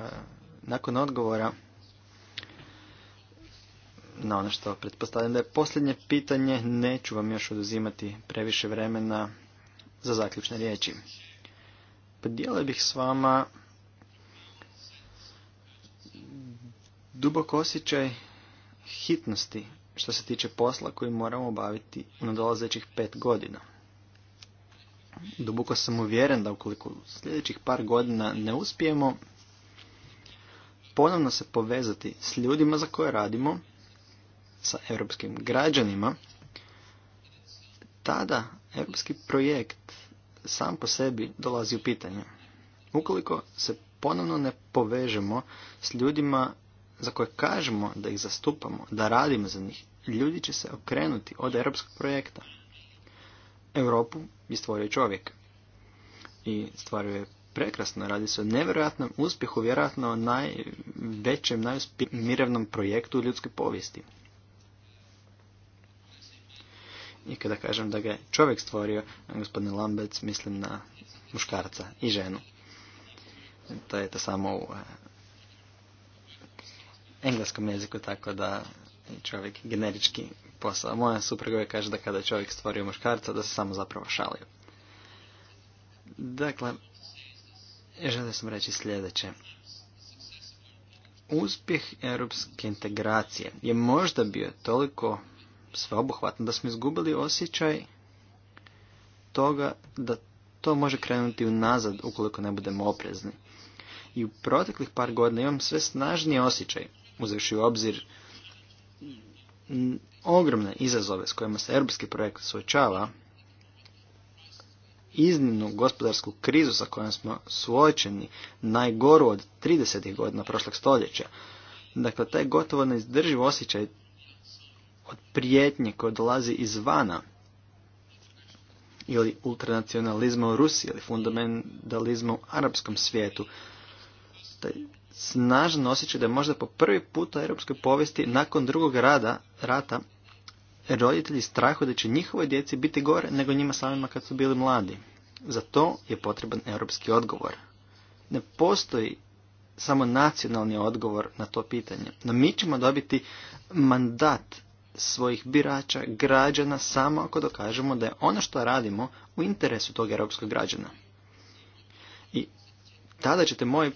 E, nakon odgovora na ono što pretpostavljam da je posljednje pitanje, neću vam još oduzimati previše vremena za zaključne riječi. Podijelio bih s vama dubok osjećaj hitnosti što se tiče posla koji moramo obaviti u nadolazećih pet godina. Duboko sam uvjeren da ukoliko sljedećih par godina ne uspijemo, ponovno se povezati s ljudima za koje radimo, sa europskim građanima, tada europski projekt sam po sebi dolazi u pitanje. Ukoliko se ponovno ne povežemo s ljudima za koje kažemo da ih zastupamo, da radimo za njih, ljudi će se okrenuti od europskog projekta. Europu je stvorio čovjek i stvario je prekrasno, radi se o nevjerojatnom uspjehu, vjerojatno o najvećem, najuspješnijom projektu u ljudskoj povijesti. I kada kažem da ga je čovjek stvorio, gospodin Lambec, mislim na muškarca i ženu. To je to samo u eh, engleskom jeziku, tako da čovjek generički posao. Moja supruga kaže da kada je čovjek stvorio muškarca, da se samo zapravo šalio. Dakle, želio sam reći sljedeće. Uspjeh europske integracije je možda bio toliko sveobuhvatan da smo izgubili osjećaj toga da to može krenuti unazad ukoliko ne budemo oprezni. I u proteklih par godina imam sve snažniji osjećaj, uzevši u obzir ogromne izazove s kojima se europski projekt suočava, iznimnu gospodarsku krizu sa kojom smo suočeni, najgoru od 30. godina prošlog stoljeća. Dakle, taj gotovo neizdrživ osjećaj od prijetnje koje dolazi izvana ili ultranacionalizma u Rusiji ili fundamentalizma u arapskom svijetu. Taj snažno osjećaj da je možda po prvi put u europskoj povijesti nakon drugog rada, rata roditelji strahuju da će njihovoj djeci biti gore nego njima samima kad su bili mladi. Za to je potreban europski odgovor. Ne postoji samo nacionalni odgovor na to pitanje. No mi ćemo dobiti mandat svojih birača, građana, samo ako dokažemo da je ono što radimo u interesu tog europskog građana. I tada ćete moj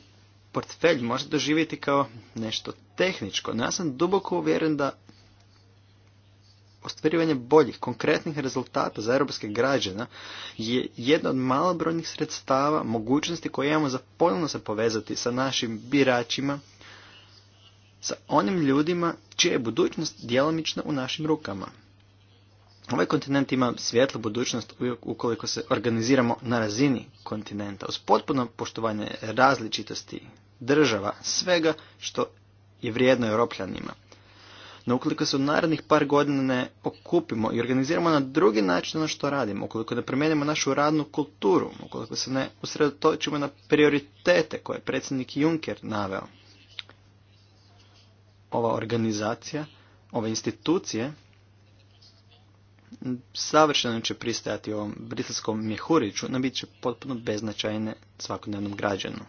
portfelj možda doživjeti kao nešto tehničko, no ja sam duboko uvjeren da ostvarivanje boljih, konkretnih rezultata za europske građana je jedna od malobrojnih sredstava, mogućnosti koje imamo za ponovno se povezati sa našim biračima, sa onim ljudima čija je budućnost djelomična u našim rukama. Ovaj kontinent ima svjetlu budućnost ukoliko se organiziramo na razini kontinenta, uz potpuno poštovanje različitosti država, svega što je vrijedno europljanima. No ukoliko se u narednih par godina ne okupimo i organiziramo na drugi način ono što radimo, ukoliko ne promijenimo našu radnu kulturu, ukoliko se ne usredotočimo na prioritete koje je predsjednik Juncker naveo, ova organizacija, ove institucije, savršeno će pristajati ovom britanskom mjehuriću, na bit će potpuno beznačajne svakodnevnom građanu.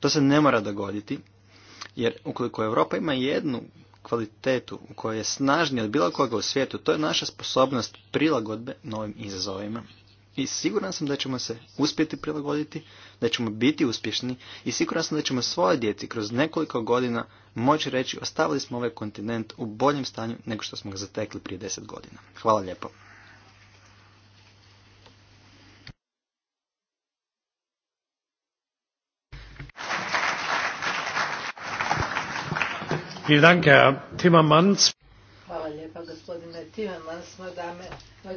To se ne mora dogoditi jer ukoliko Europa ima jednu kvalitetu koja je snažnija od bilo koga u svijetu, to je naša sposobnost prilagodbe novim izazovima. I siguran sam da ćemo se uspjeti prilagoditi, da ćemo biti uspješni i siguran sam da ćemo svoje djeci kroz nekoliko godina moći reći ostavili smo ovaj kontinent u boljem stanju nego što smo ga zatekli prije deset godina. Hvala lijepo. Hvala gospodine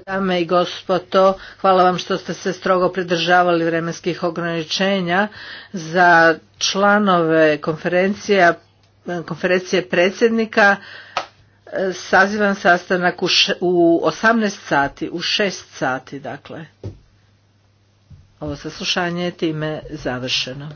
dame, i gospodo. Hvala vam što ste se strogo pridržavali vremenskih ograničenja za članove konferencije predsjednika. Sazivam sastanak u, osamnaest u 18 sati, u 6 sati dakle. Ovo saslušanje je time završeno.